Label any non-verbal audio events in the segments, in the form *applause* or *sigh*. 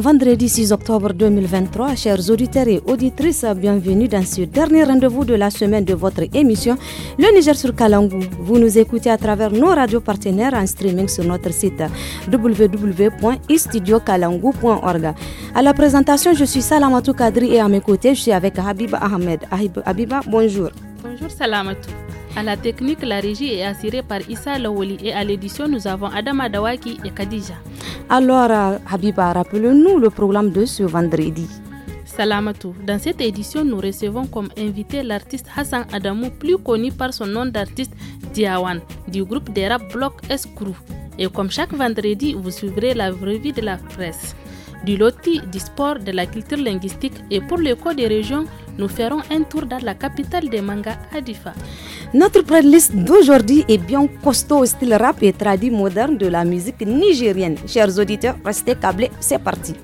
vendredi 6 octobre 2023. Chers auditeurs et auditrices, bienvenue dans ce dernier rendez-vous de la semaine de votre émission Le Niger sur Kalangou. Vous nous écoutez à travers nos radios partenaires en streaming sur notre site www.istudiokalangou.org. À la présentation, je suis Salamatou Kadri et à mes côtés, je suis avec Habib Ahmed. Habiba, bonjour. Bonjour Salamatou. À la technique, la régie est assurée par Issa Lawoli et à l'édition, nous avons Adama Dawaki et Khadija. Alors, euh, Habiba, rappelez nous le programme de ce vendredi. Salamatou. Dans cette édition, nous recevons comme invité l'artiste Hassan Adamou, plus connu par son nom d'artiste Diawan, du groupe des rap Block Escrew. Et comme chaque vendredi, vous suivrez la vraie vie de la presse du loti, du sport, de la culture linguistique et pour le cours des régions, nous ferons un tour dans la capitale des mangas, Adifa. Notre playlist d'aujourd'hui est bien costaud au style rap et traduit moderne de la musique nigérienne. Chers auditeurs, restez câblés, c'est parti.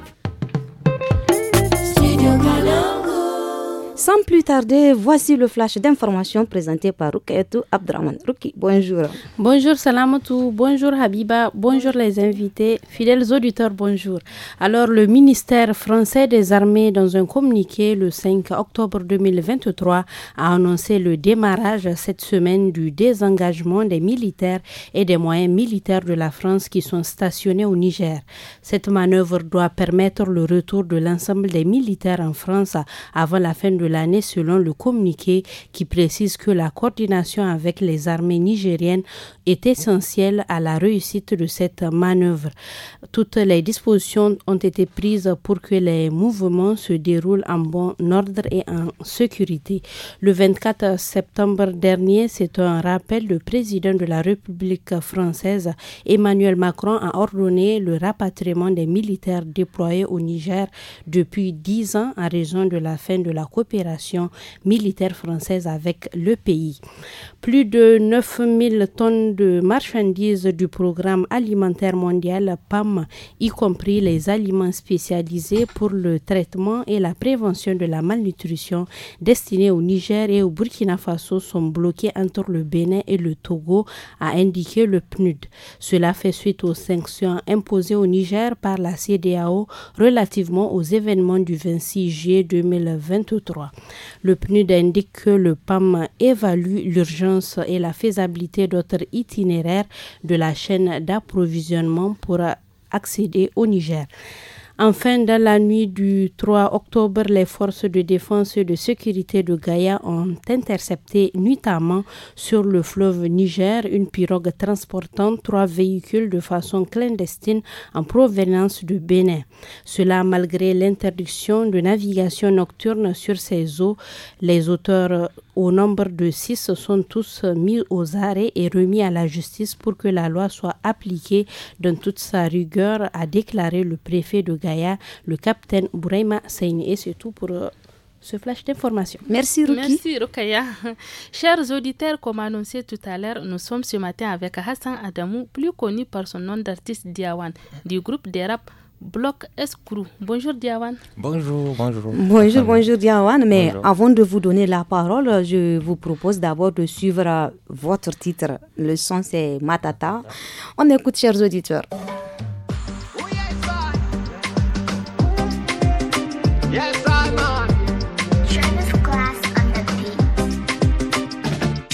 Sans plus tarder, voici le flash d'information présenté par Rukaitou Abdraman. Ruki, bonjour. Bonjour Salamatou, bonjour Habiba, bonjour les invités, fidèles auditeurs, bonjour. Alors, le ministère français des armées, dans un communiqué le 5 octobre 2023, a annoncé le démarrage cette semaine du désengagement des militaires et des moyens militaires de la France qui sont stationnés au Niger. Cette manœuvre doit permettre le retour de l'ensemble des militaires en France avant la fin de l'année selon le communiqué qui précise que la coordination avec les armées nigériennes est essentielle à la réussite de cette manœuvre. Toutes les dispositions ont été prises pour que les mouvements se déroulent en bon ordre et en sécurité. Le 24 septembre dernier, c'est un rappel, le président de la République française, Emmanuel Macron, a ordonné le rapatriement des militaires déployés au Niger depuis dix ans en raison de la fin de la coopération militaire française avec le pays. Plus de 9000 tonnes de marchandises du programme alimentaire mondial PAM, y compris les aliments spécialisés pour le traitement et la prévention de la malnutrition destinés au Niger et au Burkina Faso, sont bloqués entre le Bénin et le Togo, a indiqué le PNUD. Cela fait suite aux sanctions imposées au Niger par la CDAO relativement aux événements du 26 juillet 2023. Le PNUD indique que le PAM évalue l'urgence et la faisabilité d'autres itinéraires de la chaîne d'approvisionnement pour accéder au Niger. Enfin, dans la nuit du 3 octobre, les forces de défense et de sécurité de Gaïa ont intercepté nuitamment sur le fleuve Niger une pirogue transportant trois véhicules de façon clandestine en provenance du Bénin. Cela malgré l'interdiction de navigation nocturne sur ces eaux. Les auteurs au nombre de six sont tous mis aux arrêts et remis à la justice pour que la loi soit appliquée dans toute sa rigueur, a déclaré le préfet de Gaïa, le capitaine Bouraima Seyni. Et c'est tout pour euh, ce flash d'information. Merci Ruki. Merci Rukaya. *laughs* Chers auditeurs, comme annoncé tout à l'heure, nous sommes ce matin avec Hassan Adamou, plus connu par son nom d'artiste Diawan, du groupe des rap Bloc Escrou. Bonjour Diawan. Bonjour, bonjour. Bonjour, bonjour Diawan. Mais avant de vous donner la parole, je vous propose d'abord de suivre euh, votre titre. Le son, c'est Matata. On écoute, chers auditeurs.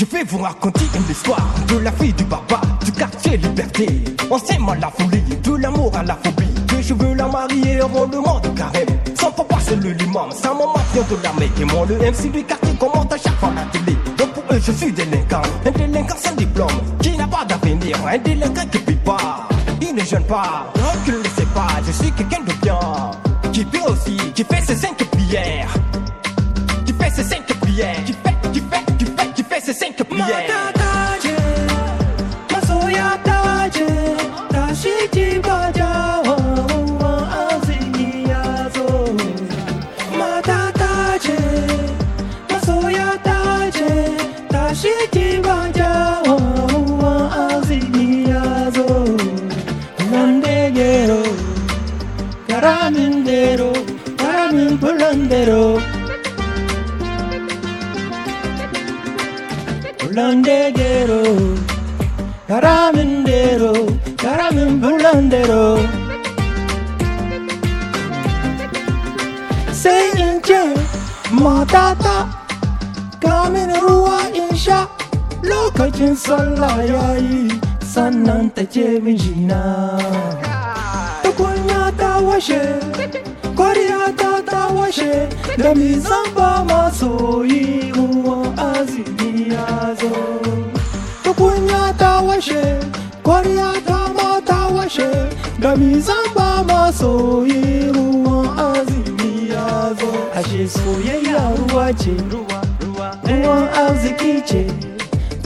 Je vais vous raconter une histoire de la fille du papa du quartier Liberté. On s'aime à la folie, de l'amour à la folie je veux la marier, on demande carré Sans papa, se le limam, sa maman vient de mec Et moi, le MC du quartier commente à chaque fois la télé. Donc pour eux, je suis délinquant, un délinquant sans diplôme, qui n'a pas d'avenir, un délinquant qui vit pas. Il ne jeûne pas, donc il ne sait pas, je suis quelqu'un de bien, qui peut aussi, qui fait ses cinq prières. Qui fait ses cinq prières, qui fait, qui fait, qui fait, qui fait ses cinq prières. Hollandero. Hollandero. 바람은대로 바람은 불난대로 생일째 마다다 가면 우와 인샤 lokacin sallah ya yi sannan ta ce mijina tukunya ta washe kwariya kashe da mi zan ba yi ruwan azumi ya zo tukunya ta washe kwarya ta ma ta washe da mi zan ba masoyi ruwan azumi ya zo ashe soyayya ruwa ce ruwan arziki ce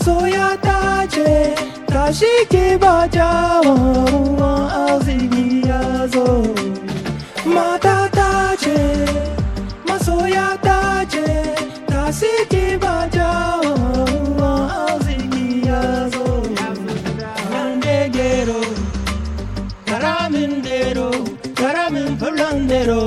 soya tace tashi ke bajawa ruwan arziki ya mata tace masoya tace tashi ke bajawa ruwan arziki ya zo nan de gero karamin dero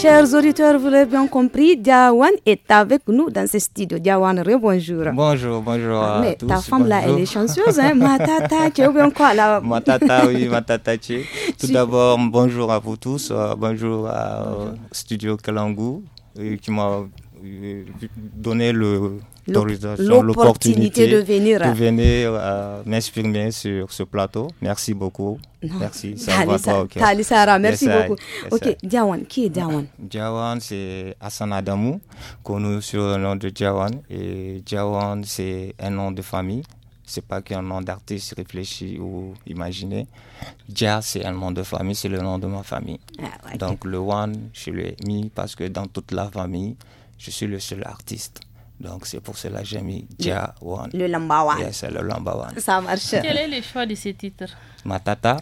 Chers auditeurs, vous l'avez bien compris, Diawan est avec nous dans ce studio. Diawan, rebonjour. Bonjour, bonjour. À Mais tous, ta femme là, elle est chanceuse, hein? Matata, tu es bien quoi là *laughs* Matata, oui, Matata, tu *laughs* Tout d'abord, bonjour à vous tous. Euh, bonjour à euh, Studio Kalangu, euh, qui euh, donner l'opportunité de venir, de euh, m'exprimer sur ce plateau. Merci beaucoup. Merci. Ça va merci beaucoup. ok, Diawan, qui est Diawan Diawan, c'est Hassan Adamou, connu sur le nom de Diawan. Et Diawan, c'est un nom de famille. C'est pas qu'un nom d'artiste réfléchi ou imaginé. Dia, c'est un nom de famille, c'est le nom de ma famille. Ah, Donc le One, je l'ai mis parce que dans toute la famille, je suis le seul artiste. Donc c'est pour cela que j'ai mis Dia One. Le One. Oui, c'est le One. Ça marche. Quel est le choix de ce titre Matata.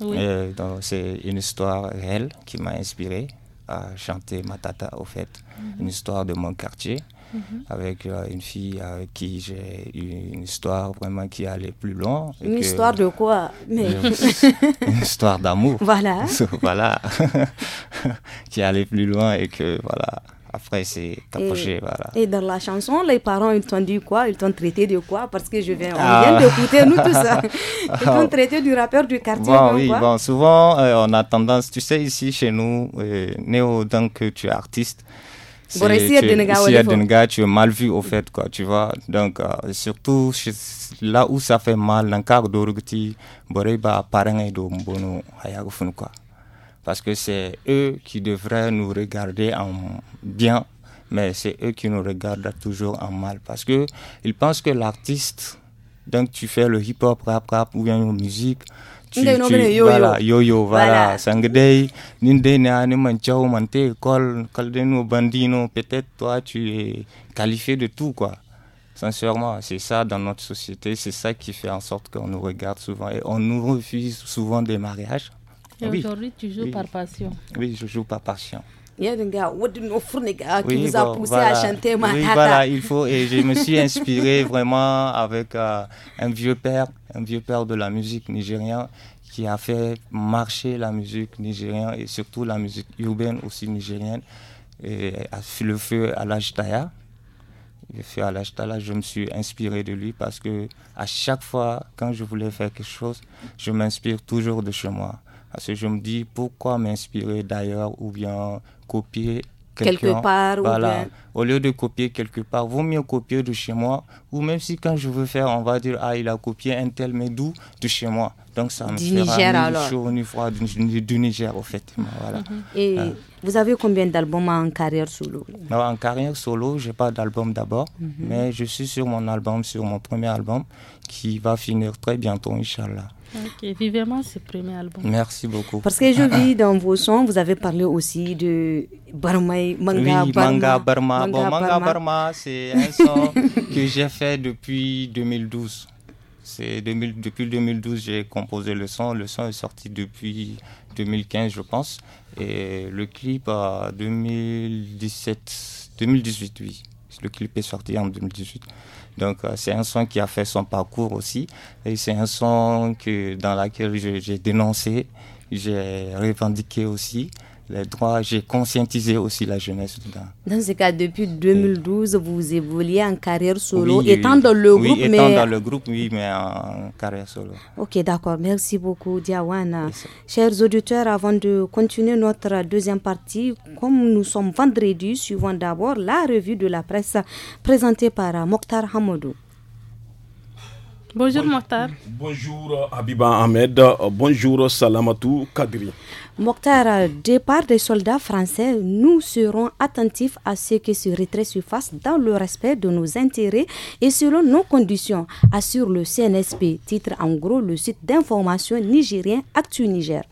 Oui. Euh, c'est une histoire réelle qui m'a inspiré à chanter Matata au fait. Mhm. Une histoire de mon quartier mhm. avec euh, une fille avec qui j'ai eu une histoire vraiment qui allait plus loin. une histoire de quoi Mais... Euh, *laughs* une histoire d'amour. Voilà. *laughs* voilà. *laughs* qui allait plus loin et que voilà. Après, c'est t'approcher, Et dans la chanson, les parents, ils t'ont dit quoi Ils t'ont traité de quoi Parce que je viens, on ah. d'écouter, nous, tout ça. *laughs* Ils t'ont traité du rappeur du quartier. Bon, oui, bon, souvent, euh, on a tendance, tu sais, ici, chez nous, euh, néo, donc, tu es artiste. Bon, ici, des gars, tu es mal vu, au fait, quoi, tu vois. Donc, euh, surtout, là où ça fait mal, dans le cadre de bon Boreba, parents et de Mbono, quoi parce que c'est eux qui devraient nous regarder en bien, mais c'est eux qui nous regardent toujours en mal, parce que ils pensent que l'artiste, donc tu fais le hip-hop, rap, rap ou bien une musique, tu, yo yo, voilà voilà ninde manchao mante col bandino peut-être toi tu es qualifié de tout quoi sincèrement c'est ça dans notre société c'est ça qui fait en sorte qu'on nous regarde souvent et on nous refuse souvent des mariages oui. aujourd'hui, tu joues par passion. Oui, je joue par passion. Oui, voilà, il faut, et je me suis inspiré *laughs* vraiment avec euh, un vieux père, un vieux père de la musique nigérienne qui a fait marcher la musique nigérienne et surtout la musique urbaine aussi nigérienne. Et a fait le feu à l'Ajtaya. Le feu à l'Ajtaya, je me suis inspiré de lui parce que à chaque fois, quand je voulais faire quelque chose, je m'inspire toujours de chez moi. Parce que je me dis, pourquoi m'inspirer d'ailleurs ou bien copier quelque, part voilà. Au lieu de copier quelque part, vaut mieux copier de chez moi. Ou même si quand je veux faire, on va dire, ah, il a copié un tel, mais d'où De chez moi. Donc ça me du fera Niger, alors. chaud froid du, du Niger, au fait. Voilà. Mhm. Et hein. vous avez combien d'albums en carrière solo non, En carrière solo, je n'ai pas d'album d'abord, mhm. mais je suis sur mon album, sur mon premier album, qui va finir très bientôt, Inch'Allah. Ok, vivement ce premier album. Merci beaucoup. Parce que je vis dans vos sons, vous avez parlé aussi de Barmaï, Manga Barma. Manga Burma. Manga Barma. Manga Barma, c'est un son *laughs* que j'ai fait depuis 2012. C'est depuis 2012 j'ai composé le son. Le son est sorti depuis 2015, je pense. Et le clip à 2017, 2018, oui. Le clip est sorti en 2018. Donc euh, c'est un son qui a fait son parcours aussi. Et c'est un son que, dans lequel j'ai dénoncé, j'ai revendiqué aussi les droits. J'ai conscientisé aussi la jeunesse dedans. Dans ce cas, depuis 2012, vous évoluez en carrière solo, étant dans le oui, Étant dans le groupe, oui, mais en carrière solo. Ok, d'accord. Merci beaucoup, Diawana. Chers auditeurs, avant de continuer notre deuxième partie, comme nous sommes vendredi, suivons d'abord la revue de la presse présentée par Mokhtar Hamadou. Bonjour Mokhtar. Bonjour Abiba Ahmed. Bonjour Salamatou Kadri. Mokhtar, départ des soldats français, nous serons attentifs à ce que ce retrait se fasse dans le respect de nos intérêts et selon nos conditions, assure le CNSP, titre en gros le site d'information nigérien Actu Niger.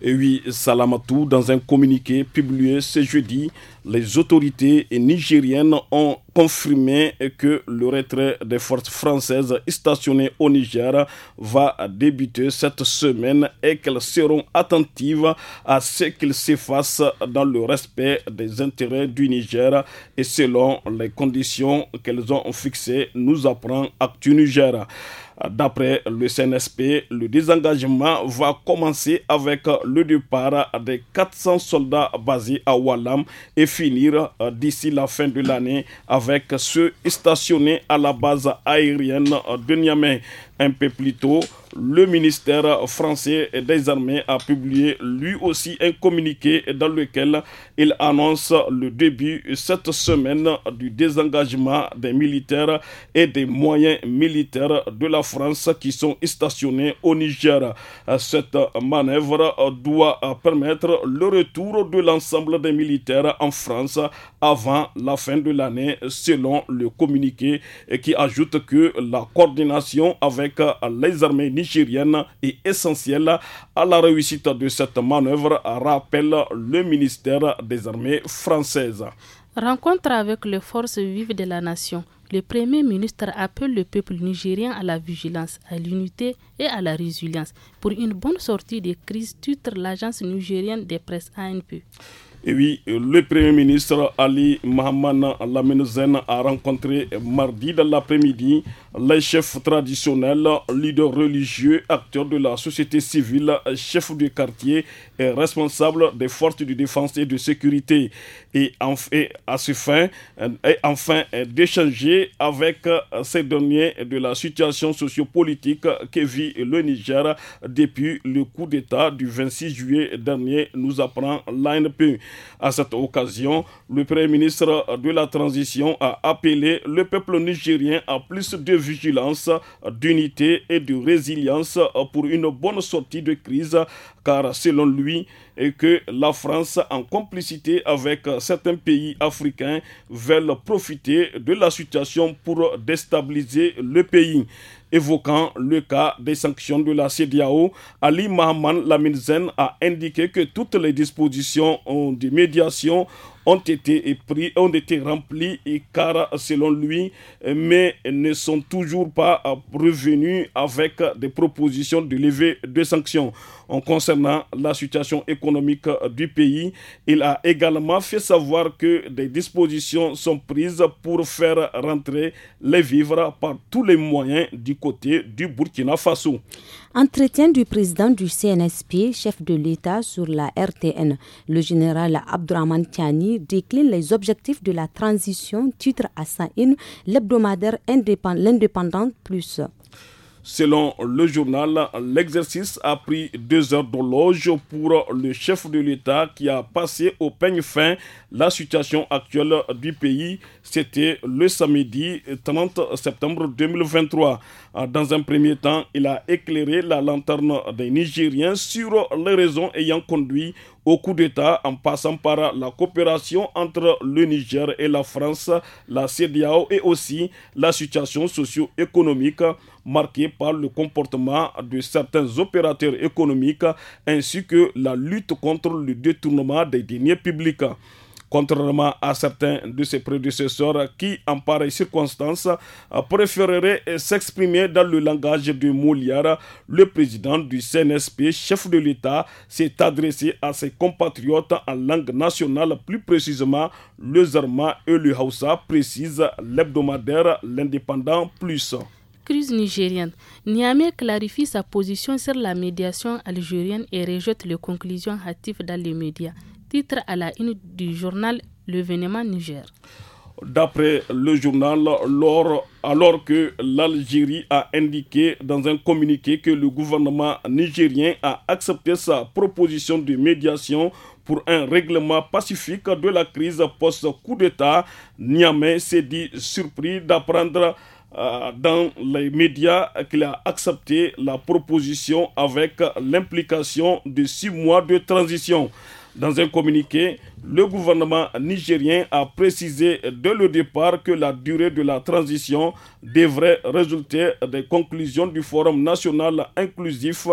Et oui, Salamatou, dans un communiqué publié ce jeudi, les autorités nigériennes ont confirmé que le retrait des forces françaises stationnées au Niger va débuter cette semaine et qu'elles seront attentives à ce qu'il s'efface dans le respect des intérêts du Niger et selon les conditions qu'elles ont fixées, nous apprend Actu Niger. D'après le CNSP, le désengagement va commencer avec le départ des 400 soldats basés à Wallam et finir euh, d'ici la fin de l'année avec ceux stationnés à la base aérienne de Niamey. Un peu plus tôt, le ministère français des armées a publié lui aussi un communiqué dans lequel il annonce le début cette semaine du désengagement des militaires et des moyens militaires de la France qui sont stationnés au Niger. Cette manœuvre doit permettre le retour de l'ensemble des militaires en France avant la fin de l'année selon le communiqué qui ajoute que la coordination avec avec les armées nigériennes est essentielle à la réussite de cette manœuvre, rappelle le ministère des Armées françaises. Rencontre avec les forces vives de la nation. Le Premier ministre appelle le peuple nigérien à la vigilance, à l'unité et à la résilience pour une bonne sortie des crises, titre l'agence nigérienne des presses ANP. Et oui, le Premier ministre Ali Mohamed Lamenozen a rencontré mardi dans l'après-midi les chefs traditionnels, leaders religieux, acteurs de la société civile, chefs du quartier et responsables des forces de défense et de sécurité. Et, à ce fin, euh, et enfin, euh, d'échanger avec euh, ces derniers de la situation sociopolitique que vit le Niger depuis le coup d'État du 26 juillet dernier, nous apprend l'ANP. À cette occasion, le Premier ministre de la Transition a appelé le peuple nigérien à plus de vigilance, d'unité et de résilience pour une bonne sortie de crise, car selon lui, et que la France, en complicité avec certains pays africains, veulent profiter de la situation pour déstabiliser le pays. Évoquant le cas des sanctions de la CDAO, Ali Mahaman Laminzen a indiqué que toutes les dispositions de médiation ont été, remplies ont été remplies et car selon lui, mais ne sont toujours pas revenus avec des propositions de levée de sanctions. En concernant la situation économique du pays. Il a également fait savoir que des dispositions sont prises pour faire rentrer les vivres par tous les moyens du côté du Burkina Faso. Entretien du président du CNSP, chef de l'État sur la RTN. Le général Abdourahman Tiani décline les objectifs de la transition, titre à Saïn, l'hebdomadaire l'indépendante plus. Selon le journal, l'exercice a pris deux heures d'horloge pour le chef de l'État qui a passé au peigne fin la situation actuelle du pays. C'était le samedi 30 septembre 2023. Dans un premier temps, il a éclairé la lanterne des Nigériens sur les raisons ayant conduit Beaucoup d'états en passant par la coopération entre le Niger et la France, la CEDEAO et aussi la situation socio-économique marquée par le comportement de certains opérateurs économiques ainsi que la lutte contre le détournement des deniers publics contrairement à certains de ses prédécesseurs qui, en pareille circonstance, préféreraient s'exprimer dans le langage de Mouliara, Le président du CNSP, chef de l'État, s'est adressé à ses compatriotes en langue nationale, plus précisément le Zarma et le Hausa, précise l'hebdomadaire L'Indépendant Plus crise nigérienne. Niamey clarifie sa position sur la médiation algérienne et rejette les conclusions hâtives dans les médias titre à la une du journal L'événement Niger. D'après le journal, alors que l'Algérie a indiqué dans un communiqué que le gouvernement nigérien a accepté sa proposition de médiation pour un règlement pacifique de la crise post-coup d'État, Niamey s'est dit surpris d'apprendre euh, dans les médias qu'il a accepté la proposition avec l'implication de six mois de transition. Dans un communiqué, le gouvernement nigérien a précisé dès le départ que la durée de la transition devrait résulter des conclusions du Forum national inclusif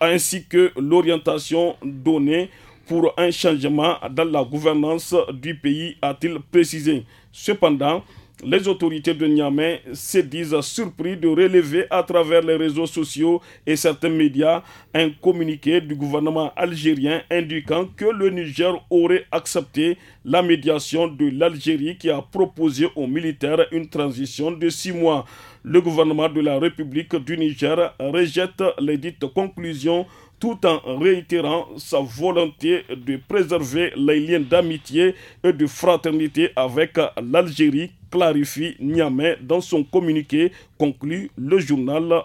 ainsi que l'orientation donnée pour un changement dans la gouvernance du pays, a-t-il précisé. Cependant, les autorités de Niamey se disent surpris de relever à travers les réseaux sociaux et certains médias un communiqué du gouvernement algérien indiquant que le Niger aurait accepté la médiation de l'Algérie qui a proposé aux militaires une transition de six mois. Le gouvernement de la République du Niger rejette les dites conclusions tout en réitérant sa volonté de préserver les liens d'amitié et de fraternité avec l'Algérie, clarifie Niamey dans son communiqué, conclut le journal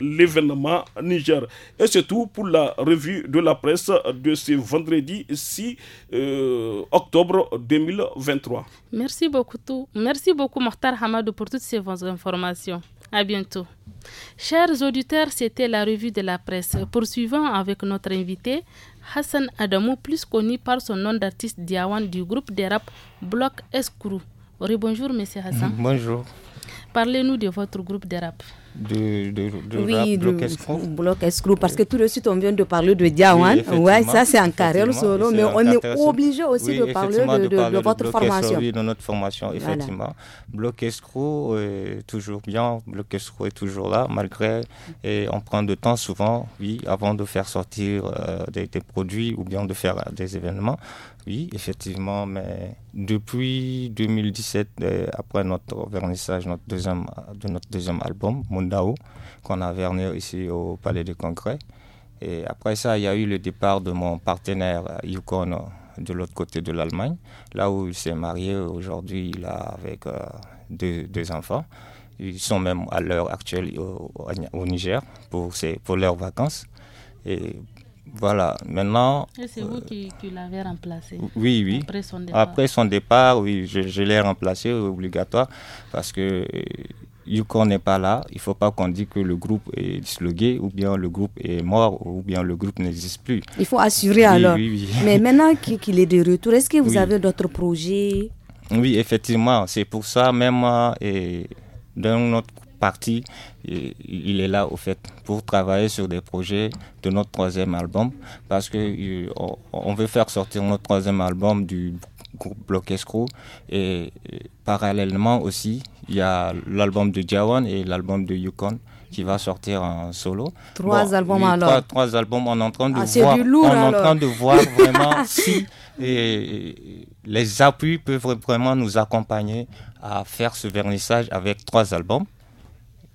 L'événement Niger. Et c'est tout pour la revue de la presse de ce vendredi 6 euh, octobre 2023. Merci beaucoup, tout. Merci beaucoup, Mokhtar Hamadou, pour toutes ces informations. À bientôt. Chers auditeurs, c'était la revue de la presse. Poursuivons avec notre invité, Hassan Adamou, plus connu par son nom d'artiste Diawan du groupe de rap Bloc Escrou. Bonjour, monsieur Hassan. Bonjour. Parlez-nous de votre groupe de rap de, de, oui, bloc escroc. parce que tout de suite on vient de parler de Diawan. Oui, ouais, ça c'est un carré, solo, mais on est obligé aussi de, parler de, votre formation. oui, de notre formation, effectivement. Bloc escroc est euh, toujours bien, bloc escroc est toujours là, malgré, et on prend de temps souvent, oui, avant de faire sortir euh, des, des, produits ou bien de faire euh, des événements. Oui, effectivement, mais depuis 2017, euh, après notre vernissage notre deuxième, de notre deuxième album, Mundao, qu'on a verni ici au Palais des Congrès, et après ça, il y a eu le départ de mon partenaire euh, Yukon euh, de l'autre côté de l'Allemagne, là où il s'est marié. Aujourd'hui, il a avec deux, enfants. Ils sont même à l'heure actuelle au, Niger pour, ses, pour leurs vacances. Et voilà, maintenant. Et c'est vous qui, l'avez remplacé Oui, oui. Après son départ Après son départ, oui, je, l'ai remplacé euh, obligatoire parce que euh, Yukon n'est pas là, il ne faut pas qu'on dise que le groupe est dislogué ou bien le groupe est mort ou bien le groupe n'existe plus. Il faut assurer alors. Oui, oui. Mais maintenant qu'il est de retour, est-ce que vous avez d'autres projets Oui, effectivement. C'est pour ça même euh, et, dans notre partie, il est là au fait pour travailler sur des projets de notre troisième album parce que euh, on veut faire sortir notre troisième album du groupe Block Escrow et parallèlement aussi il y a l'album de Jawan et l'album de Yukon qui va sortir en solo. Trois albums alors. Trois, albums, en train de ah, voir, en train de voir *laughs* vraiment si les appuis peuvent vraiment nous accompagner à faire ce vernissage avec trois albums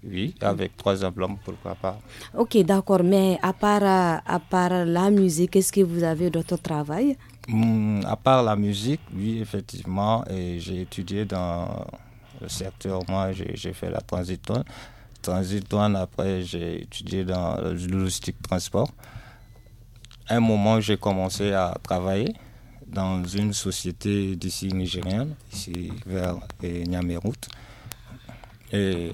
oui, avec trois emblèmes, pourquoi pas. Ok, d'accord, mais à part, euh, à part la musique, est-ce que vous avez d'autres travail hmm, À part la musique, oui, effectivement, j'ai étudié dans le secteur, moi j'ai fait la transitone. Transitoine, après j'ai étudié dans le logistique transport. un moment, j'ai commencé à travailler dans une société d'ici nigérienne, ici vers euh, niamey et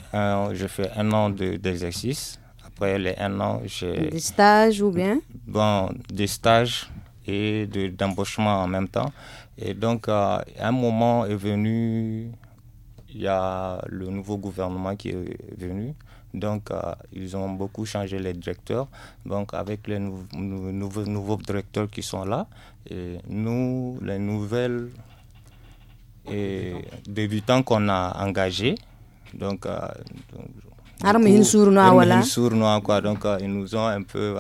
je fais un an d'exercice. Après les un an, j'ai. Des stages ou bien Bon, des stages et d'embauchement en même temps. Et donc, un moment est venu, il y a le nouveau gouvernement qui est venu. Donc, ils ont beaucoup changé les directeurs. Donc, avec les nouveaux directeurs qui sont là, et nous, les nouvelles et débutants qu'on a engagés, donc, euh, ah ils quoi donc euh, ils nous ont un peu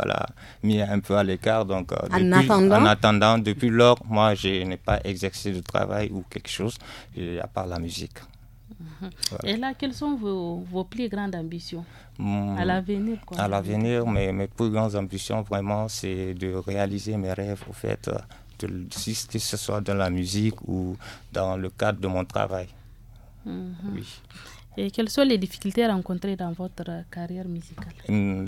mis un peu à l'écart donc euh, en, attendant. depuis lors moi je n'ai pas exercé de travail ou quelque chose à part la musique mhm. et là quelles sont vos, plus grandes ambitions à l'avenir à l'avenir mes, plus grandes ambitions vraiment c'est de réaliser mes rêves au fait de, si que ce soit dans la musique ou dans le cadre de mon travail mhm. oui et quelles sont les difficultés rencontrées dans votre carrière musicale mm,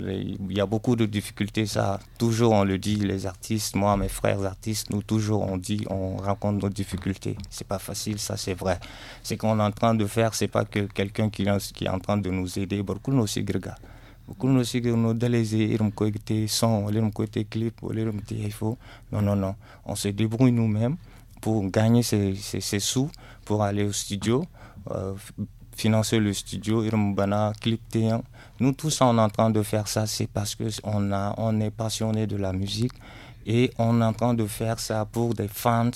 Il y a beaucoup de difficultés, ça. Toujours, on le dit, les artistes, moi, mes frères artistes, nous, toujours, on dit, on rencontre nos difficultés. C'est pas facile, ça, c'est vrai. Ce qu'on est en train de faire, c'est pas que quelqu'un qui, qui, est en train de nous aider. Beaucoup nos Beaucoup nos nous, les côté clip, les côté Non, non, non. On se débrouille nous-mêmes pour gagner ces sous, pour aller au studio. Euh, financer le studio Irmbana, Clip T1. Nous tous, on est en train de faire ça, c'est parce que on, a, on est passionné de la musique et on est en train de faire ça pour des fans,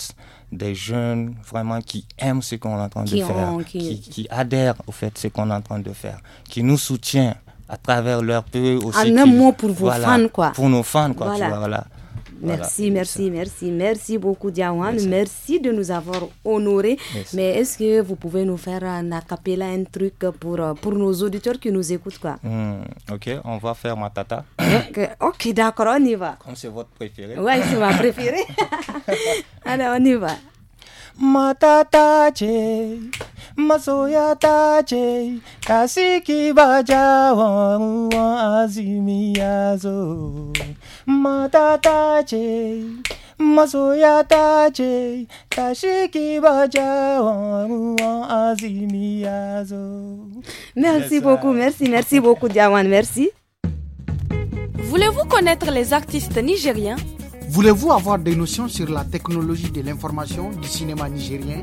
des jeunes vraiment qui aiment ce qu'on est en train de faire, qui... Qui, adhèrent au fait ce qu'on est en train de faire, qui nous soutient à travers leur peu aussi. En un mot pour vos fans, quoi. Pour nos fans, quoi, voilà. Merci, merci, merci, merci beaucoup Diawan. Merci. de nous avoir honorés. Mais est-ce que vous pouvez nous faire un acapella, un truc pour, euh, pour nos auditeurs qui nous écoutent quoi hmm, Ok, on va faire Matata. Ok, d'accord, on y va. Comme c'est votre préféré. Ouais, c'est ma préférée. *laughs* *laughs* Allez, on y va. Ma tata, Merci beaucoup, merci, merci beaucoup Diawan, merci. Voulez-vous connaître les artistes nigériens Voulez-vous avoir des notions sur la technologie de l'information du cinéma nigérien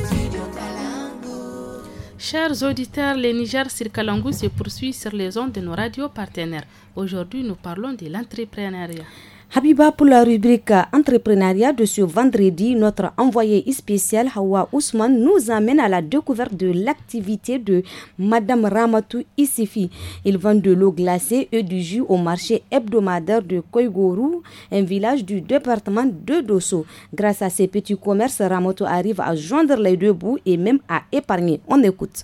Chers auditeurs, le Niger Circalangou se poursuit sur les ondes de nos radios partenaires. Aujourd'hui, nous parlons de l'entrepreneuriat. Habiba, pour la rubrique entrepreneuriat de ce vendredi, notre envoyé spécial Hawa Ousmane nous amène à la découverte de l'activité de Madame Ramatou Issifi. Ils vend de l'eau glacée et du jus au marché hebdomadaire de Koigourou, un village du département de Dosso. Grâce à ces petits commerces, Ramatou arrive à joindre les deux bouts et même à épargner. On écoute.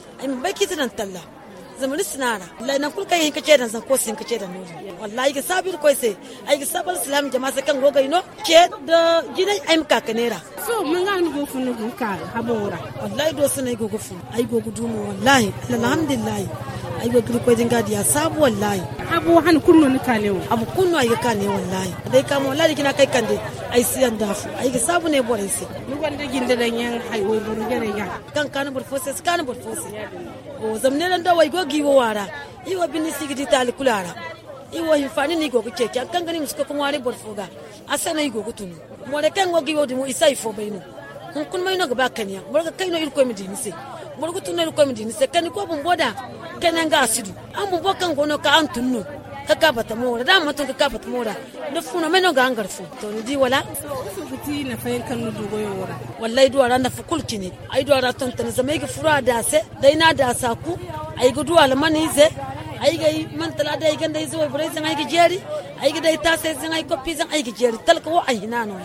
ما كثر نتلا zamani sinara la na kulka yin kace da zan ko sin kace da nuri wallahi ga sabir ko sai ai ga sabal salam jama'a sai kan goga ino ke da gidan ai muka kanera so mun ga go fun go ka habora wallahi do sunai go go fun ai go go dumo wallahi alhamdulillah ai go kulko din ga dia sabu wallahi abu han kunno ni kalewo abu kunno ai ga ne wallahi dai kamo wallahi kina kai kande ai siyan dafu ai ga sabu ne bore sai ni wanda da yan haiwo buru gare ya kan kan bur foses kan bur foses o zamne lan da wai go giwo wara iwo bini sigidi tali kulara iwo hifani ni gogo keke kan gani musko ko wari borfoga asana igo kutunu more kan go giwo dimu isai fo bainu hun kun mai no gaba kaniya borga kaino irko mi dinise borga tunno irko mi dinise kan ko bun boda kenan nga asidu an bu bokan gono ka an tunu. ka kapata mora da matun ka kapata mora da funa mai no gangar fu to ni di wala so fiti na fayin kan nudu goyo wora wallahi duwara na fa kulki ne ai duwara ton tan zama ga fura da se dai na da sa ku ai ga duwala mani ze ai ga man tala da ga dai zo bure san ai ga jeri ai ga dai ta sai san ai kopi san ai ga jeri talka wa ai hinano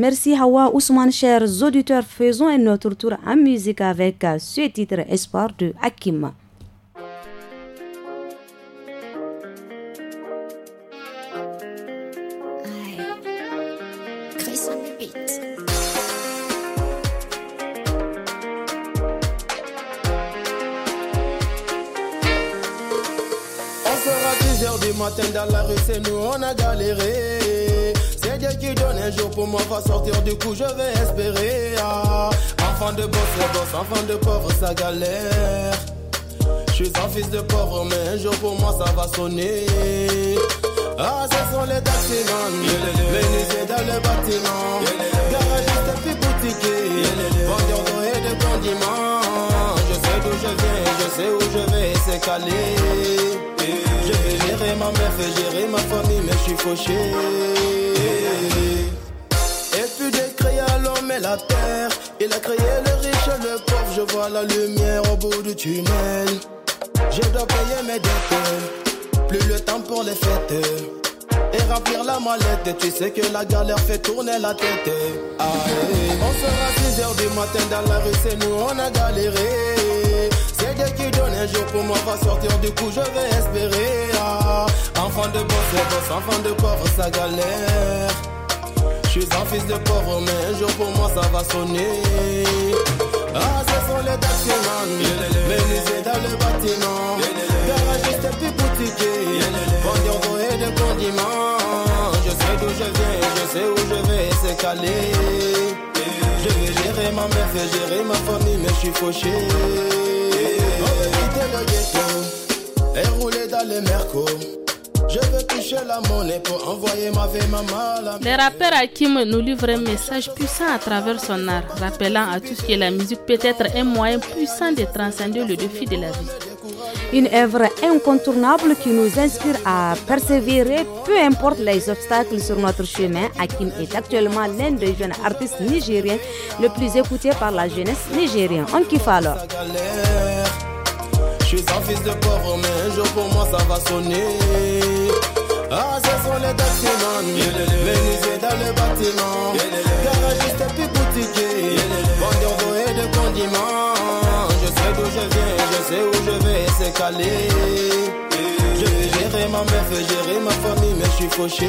Merci Hawa Ousmane, chers auditeurs. Faisons un autre tour en musique avec ce titre Espoir de Hakim. matin dans la rue, c'est nous, on a galéré. C'est Dieu qui donne un jour pour moi, va sortir du coup, je vais espérer. Ah, enfant de boss, c'est boss, enfant de pauvre, ça galère. Je suis un fils de pauvre, mais un jour pour moi, ça va sonner. Ah, ce sont les mieux les dans le bâtiment, Garagiste, puis boutiquiers, de et de condiments. Je sais d'où je viens, je sais où je vais, c'est calé. Et ma mère, fait gérer ma famille, mais je suis fauché. Et puis de créer l'homme et la terre, il a créé le riche et le pauvre, je vois la lumière au bout du tunnel. Je dois payer mes dettes, plus le temps pour les fêtes. Et remplir la mallette, tu sais que la galère fait tourner la tête. Allez. On sera 6 heures du matin dans la rue, c'est nous, on a galéré dès donne un jour pour moi va sortir, du coup je vais espérer. Ah. Enfant de boss, boss, enfant de pauvre, ça galère. Je suis un fils de pauvre, mais un jour pour moi ça va sonner. Ah, ce sont les taximans, les musées dans le bâtiment. Garagiste et puis boutiquier, vendeur d'eau et de condiments. Je sais d'où je viens, je sais où je vais, c'est calé les rappeurs Je veux Hakim nous livre un message puissant à travers son art, rappelant à tous que la musique peut être un moyen puissant de transcender le défi de la vie. Une œuvre incontournable qui nous inspire à persévérer, peu importe les obstacles sur notre chemin. Hakim est actuellement l'un des jeunes artistes nigériens le plus écouté par la jeunesse nigérienne. On kiffe alors. Je suis un fils de pauvre, mais un jour pour moi ça va sonner. Ah, ce sont les taximans, venus dans le bâtiment. Garagiste et puis boutiquier, vendeur et de condiments sais d'où je viens, je sais où je vais, c'est calé. Je vais gérer ma mère, gérer ma famille, mais je suis fauché.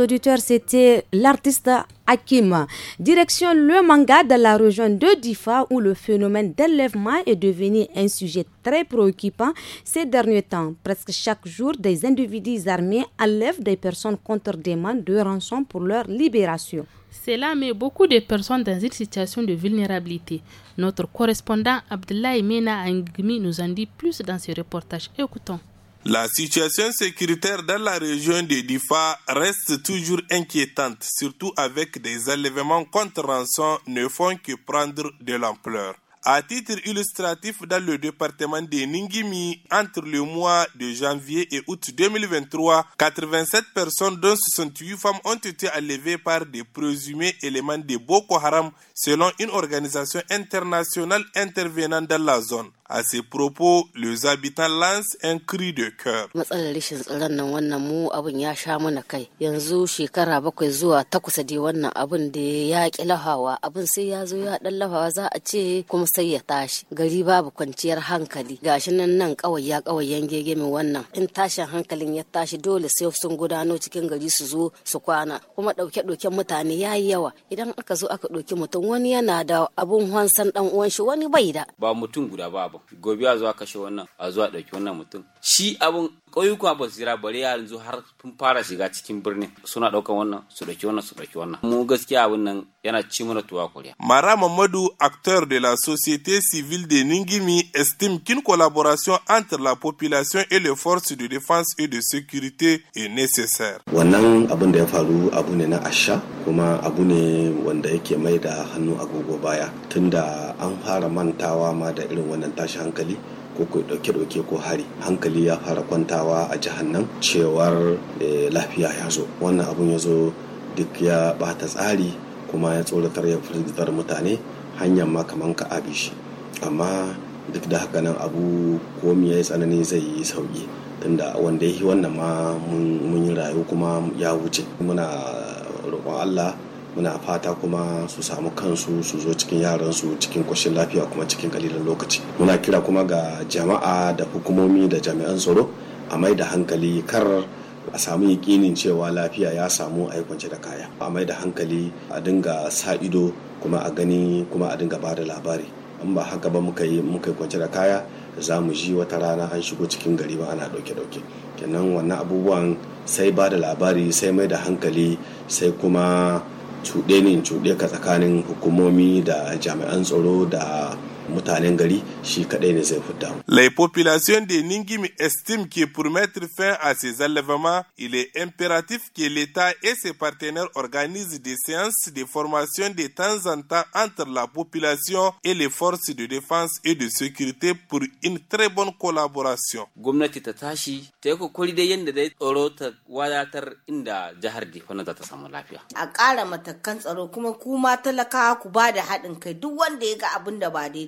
auditeurs, c'était l'artiste Hakim. Direction le manga de la région de Difa où le phénomène d'enlèvement est devenu un sujet très préoccupant ces derniers temps. Presque chaque jour, des individus armés enlèvent des personnes contre des demande de rançon pour leur libération. Cela met beaucoup de personnes dans une situation de vulnérabilité. Notre correspondant Abdullah Mena Angmi nous en dit plus dans ce reportage. Écoutons. La situation sécuritaire dans la région de Difa reste toujours inquiétante, surtout avec des enlèvements contre rançon ne font que prendre de l'ampleur. À titre illustratif, dans le département de Ningimi, entre le mois de janvier et août 2023, 87 personnes, dont 68 femmes, ont été enlevées par des présumés éléments de Boko Haram, selon une organisation internationale intervenant dans la zone. A ces propos, les habitants lancent un cri de cœur. Matsalar rashin tsaron nan wannan mu abun ya sha mana kai. Yanzu shekara bakwai zuwa takwas da wannan abun da ya ki lahawa abun sai ya zo ya dan lahawa za a ce kuma sai ya tashi. Gari babu kwanciyar hankali. Gashi nan nan kawai ya kawai yange game wannan. In tashin hankalin ya tashi dole sai sun gudano cikin gari su zo su kwana. Kuma dauke dauken mutane ya yi yawa. Idan aka zo aka dauki mutum wani yana da abun hansan dan uwan shi wani bai da. Ba mutum guda ba abu gobe a zuwa kashe wannan a zuwa ɗauki wannan mutum shi abun ƙauyuka ba su jira bare yanzu har sun fara shiga cikin birni. suna ɗaukan wannan su ɗauki wannan su ɗauki wannan mu gaskiya abin nan yana ci mana tuwa kuriya. Mara mamadu acteur de la société civile de Ningimi, estime qu'une collaboration entre la population et les forces de défense et de sécurité est nécessaire. Wannan abin da ya faru abu ne na asha kuma abu ne wanda yake mai da hannu agogo baya tunda an fara mantawa ma da irin wannan tashi hankali ko ko ɗauke dauke ko hari hankali ya fara kwantawa a jihar nan cewar eh, lafiya ya zo wannan abun ya zo duk ya bata tsari kuma ya tsoratar ya firgitar mutane hanyar ma kamar ka abi shi amma duk da haka nan abu ko ya yi tsanani zai yi sauki tunda wanda ya yi wannan ma mun yi rayu kuma ya wuce muna roƙon allah muna fata kuma su samu kansu su zo cikin yaransu cikin koshin lafiya kuma cikin kalilan lokaci muna kira kuma ga jama'a da hukumomi da jami'an tsaro a mai da hankali kar a samu yakinin cewa lafiya ya samu a kwance da kaya a mai da hankali a dinga sa ido kuma a gani kuma a dinga bada labari in ba haka ba muka yi muka kwance da kaya za mu ji wata rana an shigo cikin gari ba ana dauke dauke kenan wannan abubuwan sai ba da labari sai mai da hankali sai kuma cuɗe ne cuɗe ka tsakanin hukumomi da jami'an tsaro da les populations de Ningimi estime que pour mettre fin à ces enlèvements, il est impératif que l'État et ses partenaires organisent des séances de formation de temps en temps entre la population et les forces de défense et de sécurité pour une très bonne collaboration.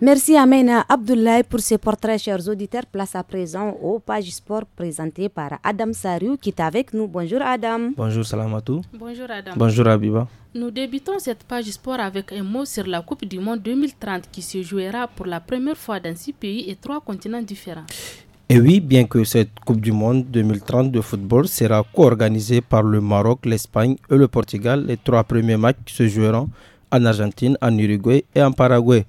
Merci Amena Abdoulaye pour ces portraits chers auditeurs. Place à présent au page sport présentées par Adam Sariou qui est avec nous. Bonjour Adam. Bonjour Salamatou. Bonjour Adam. Bonjour Abiba. Nous débutons cette page sport avec un mot sur la Coupe du Monde 2030 qui se jouera pour la première fois dans six pays et trois continents différents. Et oui, bien que cette Coupe du Monde 2030 de football sera co-organisée par le Maroc, l'Espagne et le Portugal, les trois premiers matchs se joueront en Argentine, en Uruguay et en Paraguay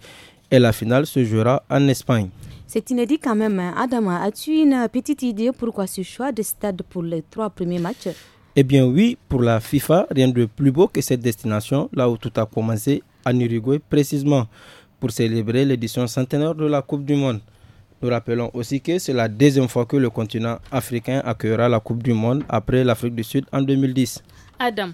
et la finale se jouera en Espagne. C'est inédit quand même. Hein. Adam, as-tu une petite idée pourquoi ce choix de stade pour les trois premiers matchs Eh bien oui, pour la FIFA, rien de plus beau que cette destination, là où tout a commencé, en Uruguay précisément, pour célébrer l'édition centenaire de la Coupe du Monde. Nous rappelons aussi que c'est la deuxième fois que le continent africain accueillera la Coupe du Monde après l'Afrique du Sud en 2010. Adam,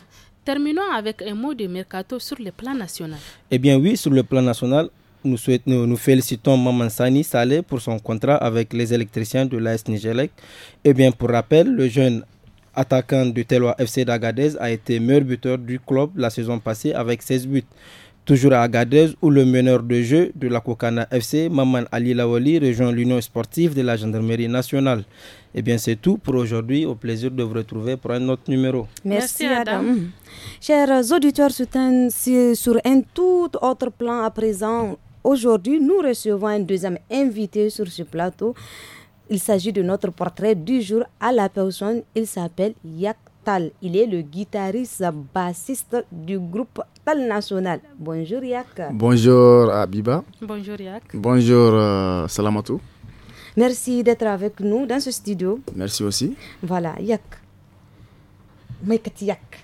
terminons avec un mot de mercato sur le plan national. Eh bien oui, sur le plan national, nous, souhaitons nous, félicitons Maman Sani Saleh pour son contrat avec les électriciens de l'AS Nigelec. Et eh bien, pour rappel, le jeune attaquant du Telwa FC d'Agadez a été meilleur buteur du club la saison passée avec 16 buts. Toujours à Agadez, où le meneur de jeu de la Kokana FC, Maman Ali Lawali, rejoint l'Union sportive de la Gendarmerie nationale. Et eh bien, c'est tout pour aujourd'hui. Au plaisir de vous retrouver pour un autre numéro. Merci, Adam. Chers auditeurs, sur un tout autre plan à présent, Aujourd'hui, nous recevons un deuxième invité sur ce plateau. Il s'agit de notre portrait du jour à la personne. Il s'appelle Yak Tal. Il est le guitariste bassiste du groupe Tal National. Bonjour Yak. Bonjour Abiba. Bonjour Yak. Bonjour euh, Salamatu. Merci d'être avec nous dans ce studio. Merci aussi. Voilà, Yak. Mike Yak.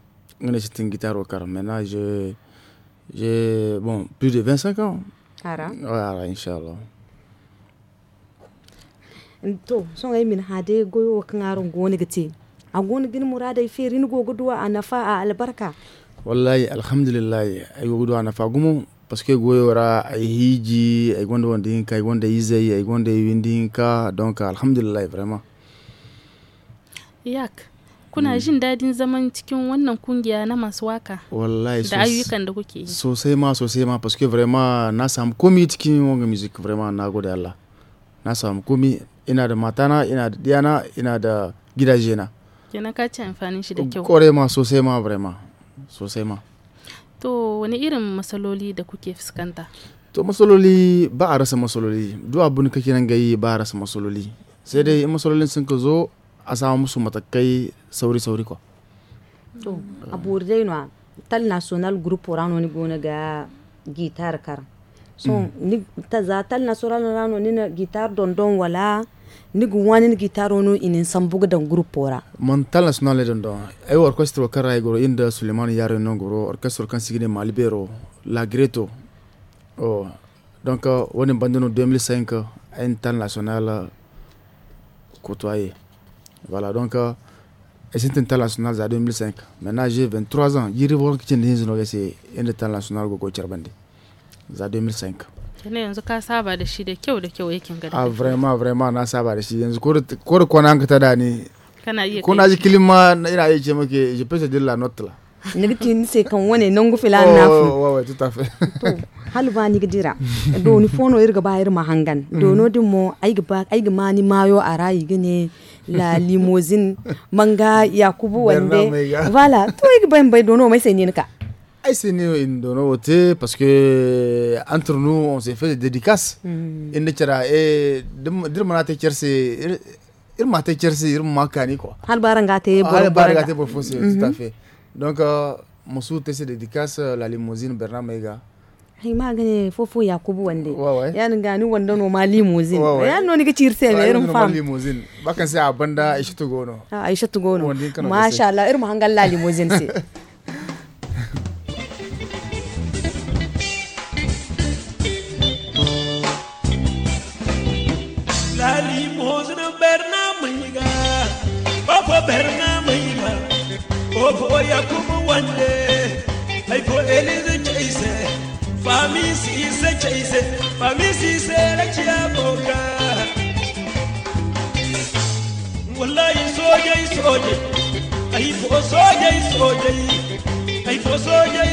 j'achète une guitare au car. Maintenant, j'ai bon, plus de 25 ans. Ara. Ouais, Inch'Allah. to songa ay min hade goyo kangaron goni gati a goni gin murada fe rin gogo duwa anafa a albarka wallahi alhamdulillah ay go duwa anafa gumo parce que goyo ra ay hiji ay gonde wonde hinka ay gonde izay ay gonde windi donc alhamdulillah vraiment yak kuna mm. jin dadin zaman cikin wannan kungiya na masu waka wallahi da ayyukan da kuke yi sosai ma sosai ma parce que vraiment na samu komi cikin wanga music vraiment na gode Allah na samu komi ina da matana ina da diyana ina da gidaje na kenan ka ci amfanin shi da kyau kore ma sosai ma vraiment sosai ma to wani irin masaloli da kuke fuskanta to masaloli ba a rasa masaloli duk abin kake nan gayi ba a rasa masaloli sai dai in masalolin sun ka zo a samu musu matakai sauri-sauri ko to a burdai no tal national group rano ni gona ga gitar kar so mm. ni ta za tal national rano ni na gitar dondon wala ni gu ni gitar wano ini san buga dan group ora man tal national don dondon, ai orkestro kar ai goro inda suleiman yaro non goro orkestro kan sigine malibero la greto oh donc wani bandino 2005 ayin tal national côtoyer Voilà, donc euh, c'est international à 2005. Maintenant, j'ai 23 ans. J'ai revu que c'est un international go Charbandi. À 2005. kenan yanzu ka saba da shi da kyau da kyau yakin gari Ah vraiment vraiment na saba da shi yanzu ko da kwana ka tada ne kana iya ko na kilima ina iya ce maka je pesa de la note la nigiti ni se kan wane nan gufi la Oh fu wa wa à fait. to halba ni gidira do ni fono irga bayir mahangan mm-hmm. do no dimo ai ga ai ga mani mayo a rayi gane la limousine manga yakubu wande voilà Toi, tu ben ben dono mai sai ne ka ai C'est ne in dono wote parce que entre nous on s'est fait des dédicaces mm. in tira et dir mana ta kirse ir ma ta c'est ir ma kani quoi hal baranga te bo ah, hal baranga te bo fosse tout à hmm. fait donc euh, musu te se dédicace euh, la limousine Bernard Mega hay magane fofo yakubu wande yani gani wanda no ma ya yani no ka cirse me irin fam limousine bakan sai a banda aisha tugono aisha ah, tugono masha Allah irin hangalla la sai *laughs* jay ay foso jay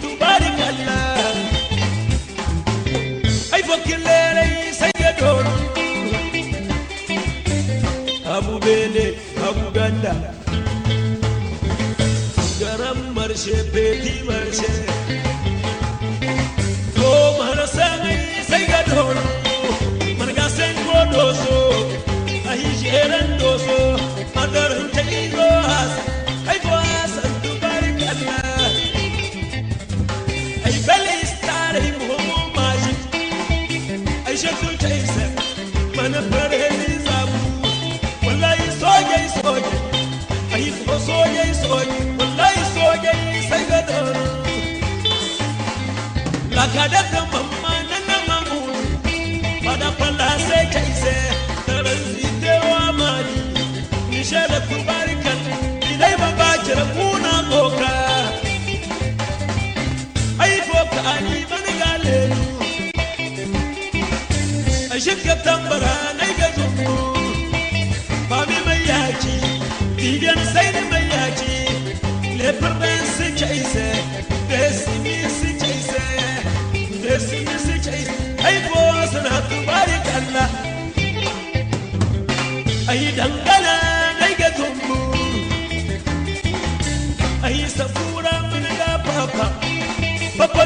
tu barikalla ay fokkilere sayedoro abubele abuganda garam marshe beti marshe to marasangai sayedoro margasen godoso ahi jeran doso adar hinta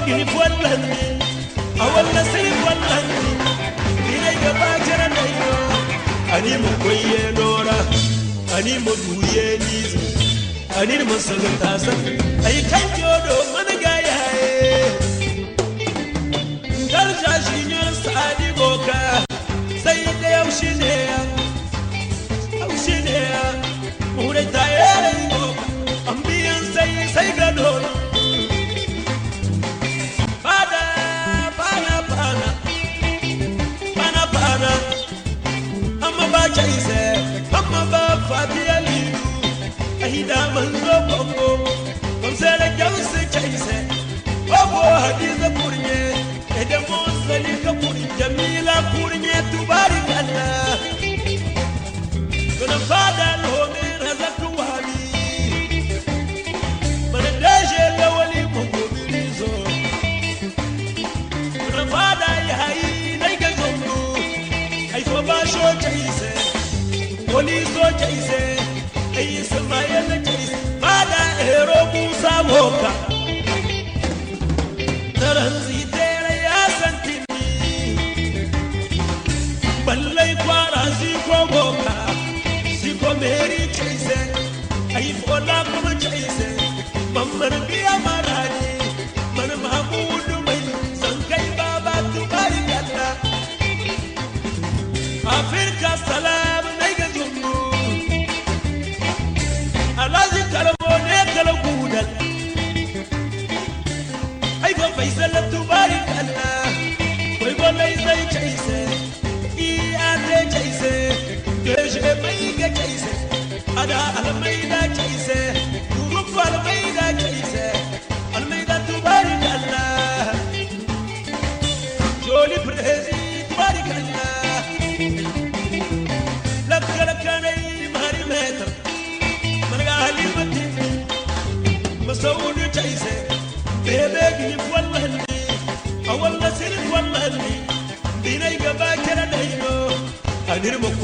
dhagni siri awwalna sirri fuullanni dhiira gabaa jira nayyoo ani mukoyyee ani muduyyee dhiizu ani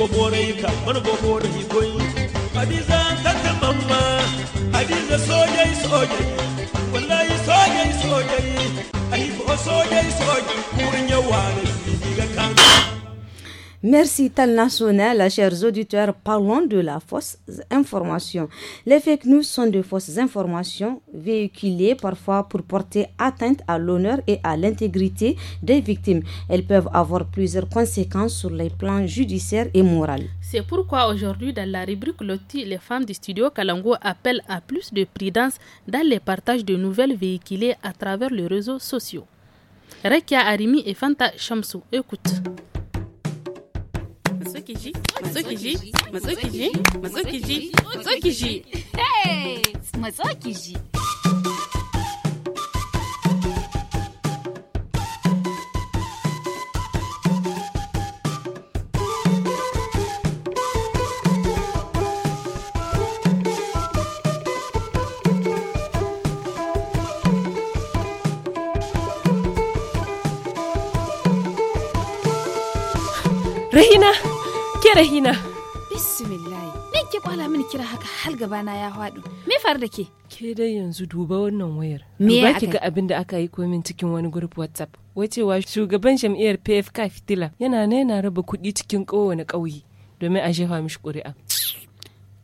goborai kamar goborai koi hadiza ta tamamma hadiza sojai sojai wallahi sojai sojai yi ko sojai sojai kurin yawa ne Merci Tal National, chers auditeurs. Parlons de la fausse information. Les fake news sont de fausses informations véhiculées parfois pour porter atteinte à l'honneur et à l'intégrité des victimes. Elles peuvent avoir plusieurs conséquences sur les plans judiciaires et moral. C'est pourquoi aujourd'hui, dans la rubrique Loti, les femmes du studio Kalango appellent à plus de prudence dans les partages de nouvelles véhiculées à travers les réseaux sociaux. Rekia Arimi et Fanta Shamsou, écoute. Matsukiji, Matsukiji, Matsukiji, Matsukiji, Matsukiji. Hey, Matsukiji. Reina. ke rahina bismillahi me ke kwala mini kira haka hal gaba na ya haɗu me faru da ke ke dai yanzu duba wannan wayar duba ki ga abin da aka yi min cikin wani group whatsapp wacewa shugaban jam'iyyar pfk fitila yana na raba kuɗi cikin kowane ƙauye domin a jefa mishi ƙuri'a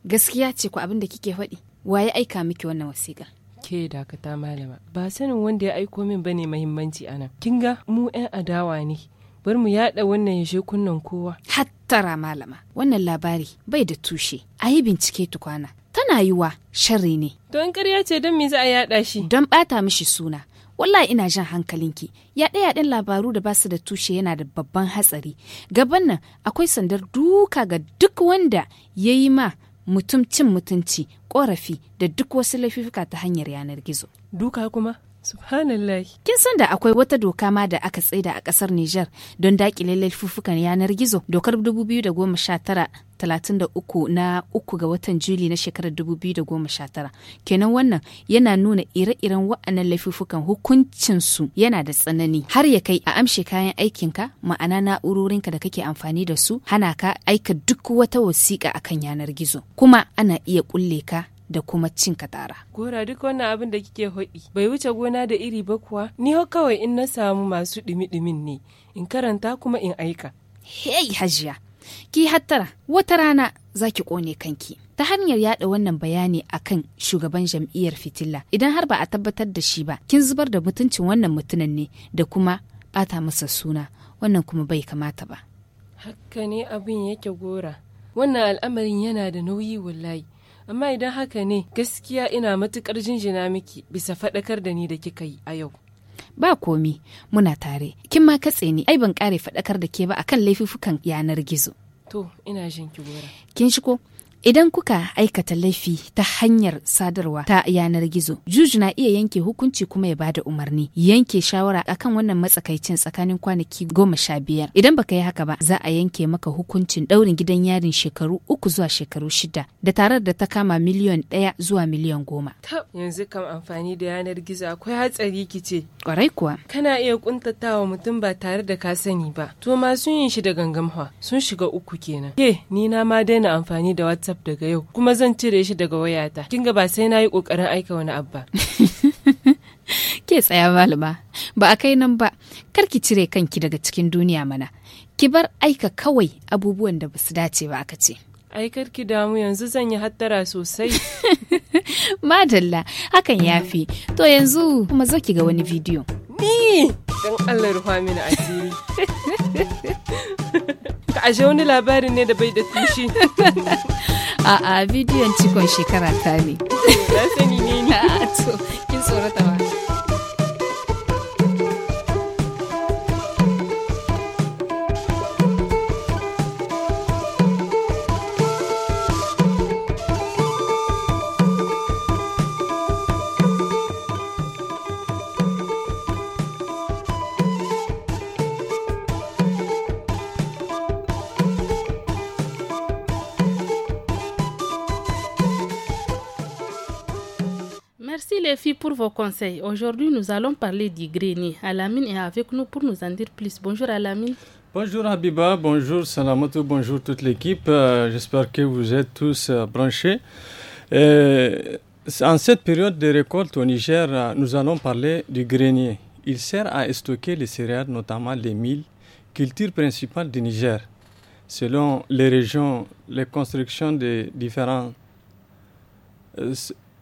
gaskiya ce ku abin da kike faɗi waye aika miki wannan wasiƙa ke dakata malama ba sanin wanda ya aiko min bane muhimmanci anan kin ga mu 'yan adawa ne bar mu yaɗa wannan yashe kunnan kowa hat tara malama wannan labari bai da tushe a yi bincike tukwana tana yiwa sharri ne don ƙarya ce don me za a yaɗa shi don ɓata mishi suna wallahi ina jan hankalinki yaɗe yaɗen labaru da basu da tushe yana da babban hatsari gaban nan akwai sandar duka ga duk wanda ya yi ma mutum cin mutunci korafi da duk wasu laifuka ta hanyar yanar gizo duka kuma Subhanallah. Kin san da akwai wata doka ma da aka tsaida a kasar Nijar don dakile laifuffukan yanar gizo dokar 2019-33 na uku ga watan Juli na shekarar 2019. Kenan wannan yana nuna ire-iren wa'annan laifuffukan hukuncinsu yana da tsanani har ya kai a amshe kayan aikinka ma'ana na'urorinka da kake amfani da su hana ka aika duk wata wasiƙa akan yanar gizo kuma ana iya ƙulle ka da kuma cin katara. Gora duk wannan abin da kike hoɗi bai wuce gona da iri ba kuwa ni ho kawai in na samu masu ɗumi-ɗumin ne in karanta kuma in aika. Hei hajiya ki hattara wata rana za ki ƙone kanki. Ta hanyar yada wannan bayani akan shugaban jam'iyyar fitila idan har ba a tabbatar da shi ba kin zubar da mutuncin wannan mutunan ne da kuma bata masa suna wannan kuma bai kamata ba. Hakka ne abin yake gora. Wannan al'amarin yana da nauyi wallahi. amma idan haka ne gaskiya ina matukar jinjina miki bisa faɗakar da ni da kika yi a yau ba komi muna tare kin ma katse ni ai ban ƙare faɗakar da ke ba akan laifufukan yanar gizo to ina jin ki gora kin shigo Idan kuka aikata laifi ta hanyar sadarwa ta yanar gizo, juju na iya yanke hukunci kuma ya bada umarni, yanke shawara akan wannan matsakaicin tsakanin kwanaki goma sha biyar. Idan baka yi haka ba, za a yanke maka hukuncin ɗaurin gidan yarin shekaru uku zuwa shekaru shida, da tarar da ta kama miliyon ɗaya zuwa miliyon goma. yanzu kam amfani da yanar gizo akwai hatsari kice. Kwarai kuwa. Kana iya kuntatawa mutum ba tare da ka sani ba. To ma sun yin shi da gangamwa sun shiga uku kenan. Ke ni na ma daina amfani da WhatsApp whatsapp daga yau kuma zan cire shi daga wayata kin ga ba sai na yi ƙoƙarin aika wani abba *laughs* ke tsaya malama ba a kai nan ba kar ki cire kanki daga cikin duniya mana ki bar aika kawai abubuwan da ba su dace ba aka ce aikar ki damu yanzu zan yi hattara sosai *laughs* madalla hakan ya fi to yanzu kuma zo ki ga wani bidiyo ni don allah ruwa mini asiri *laughs* haka ashe wani labarin ne da bai da tushe a'a bidiyon cikon shekara ta ne na sani ne ni kin tsorata Merci les filles pour vos conseils. Aujourd'hui, nous allons parler du grenier. Alamine est avec nous pour nous en dire plus. Bonjour Alamine. Bonjour Habiba, bonjour Salamoto, bonjour toute l'équipe. Euh, j'espère que vous êtes tous euh, branchés. Euh, en cette période de récolte au Niger, nous allons parler du grenier. Il sert à stocker les céréales, notamment les milles, culture principale du Niger. Selon les régions, les constructions des différents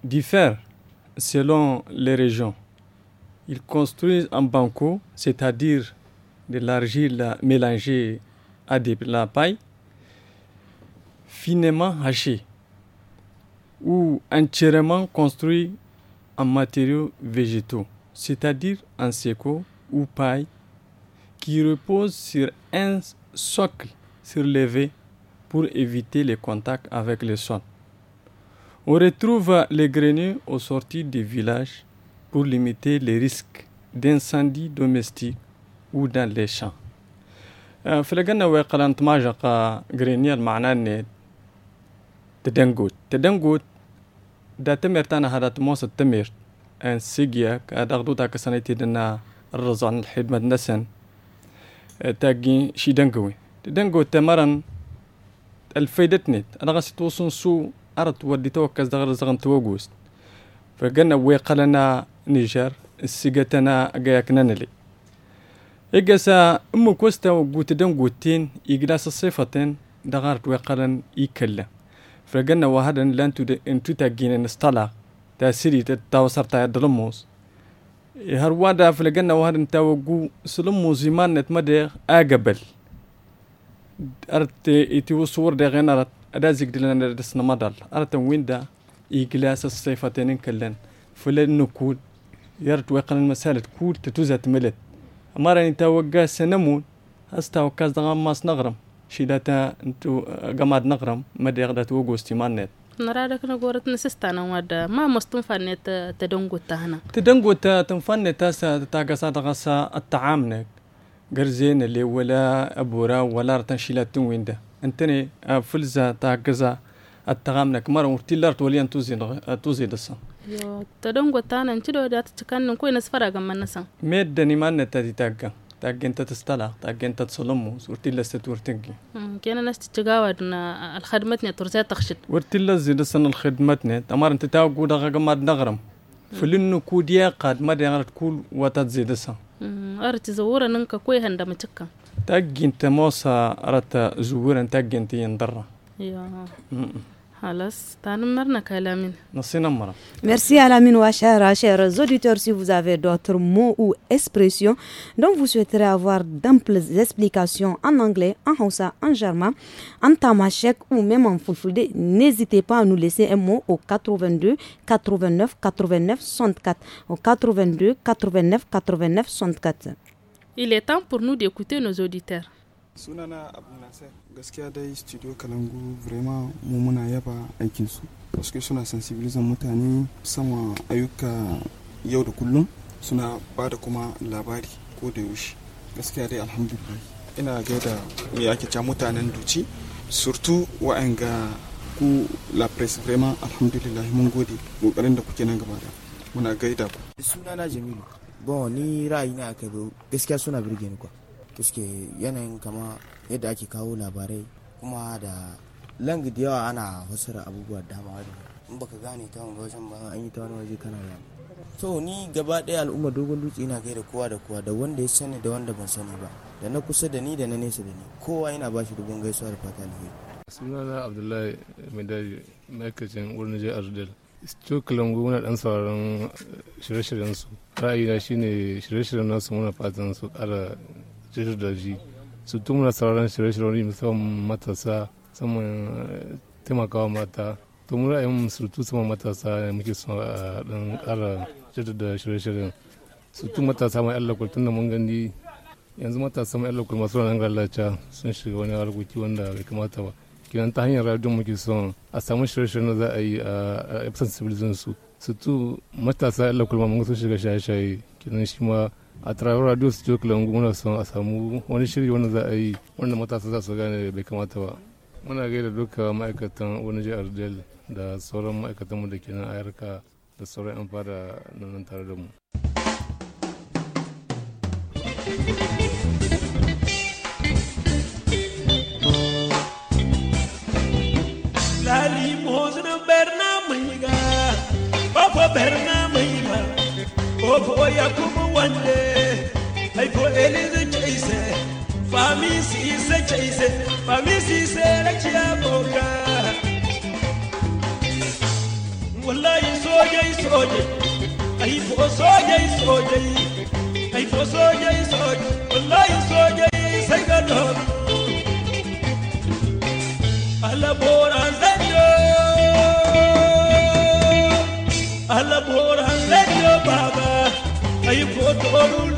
diffèrent selon les régions. Ils construisent un banco, c'est-à-dire de l'argile mélangée à de la paille, finement hachée ou entièrement construit en matériaux végétaux, c'est-à-dire en seco ou paille, qui repose sur un socle surlevé pour éviter les contacts avec le sol. On retrouve les greniers aux sorties des villages pour limiter les risques d'incendies domestiques ou dans les champs. في لقنا ويقلا نتماجق غرينير معناه ان تدنقوت تدنقوت دا تمر تانا هذا تموس التمر ان سيجياك هذا غدوتا كسنيتي دنا الرزع الحدمة نسن تاقي شي دنقوي تدنقوت تمرن الفايدتني انا غاسي توصن سو أرد ودي توكز دغر زغن توغوست فقلنا ويقلنا نيجر السيقتنا قاكنا نلي إجاسا أمو كوستا وقوت دون قوتين إجلاس الصفتين دغار ويقلن إيكلا فقلنا وهذا لانتو انتو تاقين نستلا تاسيري تتاوسر تا درموس هروادا فلقنا وهذا نتاوقو سلمو زيمان نتمدغ آقابل أرت إتيو صور دغين أرت ادا زيغدلنا دسنا مدال ارتن ويندا إجلاس الصفتين كلن فلن نكون يرد وقن المسالة كول تتوزت ملت أما راني توقع سنمون أستوقع دغماس نغرم شيداتا انتو قماد نغرم مدى يغدا توقو استيمانات نرارك نقولت نسستانا ودا ما مستم فنت تهنا تدنقو تا تاسا تاقسا تغسا التعامنك قرزين اللي ولا أبورا ولا رتنشيلات وينده انتني آه، فلزه تاع غزا اتغامنك مره مرتلر توزي آه، توزي دسان يو تدون غتان انت دو دات تكن نكو ينس فرغا من نسان ميد دني مان نتادي تاغا تاغا انت تستلا تاغا انت تسلمو ورتيلا ستورتنكي كان ناس تتجاود آه، الخدمتني ترزي تخشد ورتيلا زي دسان الخدمتني تمار انت تاغو دغا ما نغرم فلن كوديا قد ما دغا تقول واتزي دسان ارتي زورا كوي هندا Merci à la Merci Alamin, chers auditeurs, si vous avez d'autres mots ou expressions dont vous souhaiterez avoir d'amples explications en anglais, en hausa, en germain, en tamashek ou même en fulfulde, n'hésitez pas à nous laisser un mot au 82 89 89 64 au 82 89 89 64. Il est temps pour nous d'écouter nos auditeurs. sunana abu nasir gaskiya dai studio kalangu vraiment mu muna yaba aikin parce que suna sensibiliser mutane sama ayyuka yau da kullum suna ba da kuma labari ko da yaushe gaskiya dai alhamdulillah ina gaida me yake ca mutanen duci surtout wa'anga ku la presse vraiment alhamdulillah mun gode kokarin da kuke nan gaba da muna gaida ku sunana jamilu bon ni ra'ayi ne aka bi gaskiya suna birge ni kwa kuske yanayin kama yadda ake kawo labarai kuma da langi da yawa ana fassara abubuwa dama da in baka gane ta wani wajen ba an yi ta wani waje kana ba. to ni gaba ɗaya al'umma dogon dutse ina gaida kowa da kowa da wanda ya sani da wanda ban sani ba da na kusa da ni da na nesa da ni kowa yana ba shi dubin gaisuwa da fata alheri sunana abdullahi mai daji ma'aikacin wurin jihar Studio Kalangu muna dan sauraron shirye-shiryen su. Ra'ayina shine shirye-shiryen nasu muna fatan su ƙara jirgin da shi. Su tun muna sauraron shirye-shiryen musamman matasa, musamman eh, taimakawa mata. To mu ra'ayin surutu sama matasa muke son a dan ƙara jirgin da shirye-shiryen. Su tun matasa mai Allah tun da mun gani yanzu matasa mai Allah masu ranar lalaca sun shiga wani harkoki wanda bai kamata ba. kenan ta hanyar radio muke son a samu shirye-shiryen da za a yi a episode civilization su sutu matasa illa kulma mun sun shiga shaye-shaye kenan shi ma a tarawar radio su cikin mun muna son a samu wani shirye wanda za a yi wanda matasa za su gane bai kamata ba muna gaida duka ma'aikatan wani jihar del da sauran mu da ke nan a da sauran 'yan fada nan tare da mu. barna mai o boya ya kuma wande ai ko eliza chaise fami si se chaise fami si se chia boka wallahi sojai sojai ai ko sojai sojai ai ko sojai sojai wallahi sojai sai ga dog ala bora. أهل بور هنجي بابا أي فوت أولو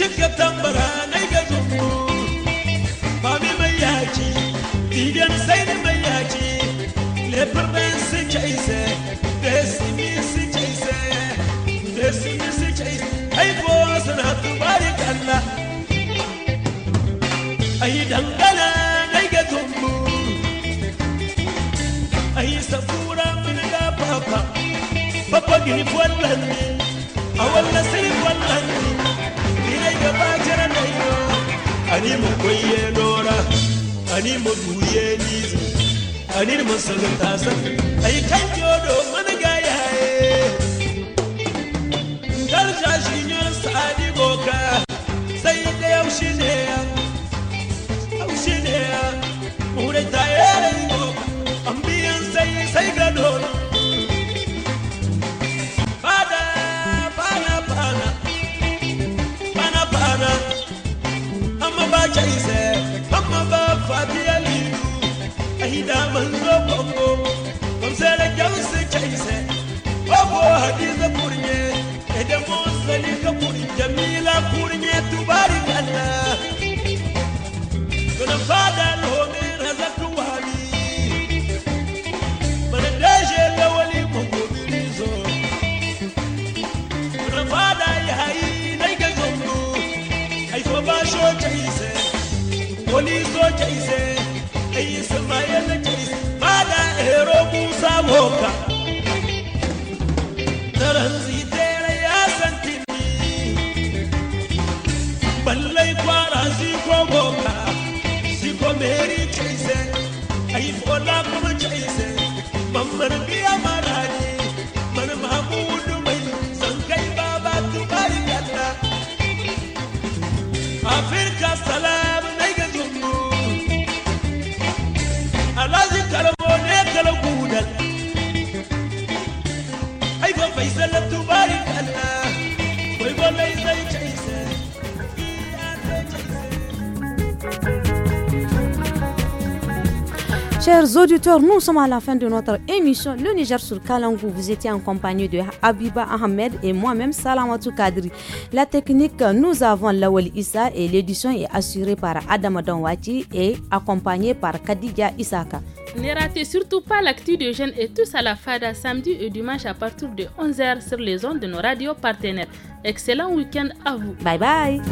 shirka tambara na ga gini buat lagi awal nasir buat lagi bila ya bacara nayo ani mu koye lora ani mu duye nizi ani chase so jaise ayi sama yana jaise mala hero musa moka auditeurs, nous sommes à la fin de notre émission Le Niger sur Kalangou. Vous étiez en compagnie de Abiba Ahmed et moi-même Salamatou Kadri. La technique, nous avons Lawal Issa et l'édition est assurée par Adam Adonwati et accompagnée par Kadija Isaka. Ne ratez surtout pas l'actu de jeunes et tous à la FADA samedi et dimanche à partir de 11h sur les ondes de nos radios partenaires. Excellent week-end à vous. Bye bye.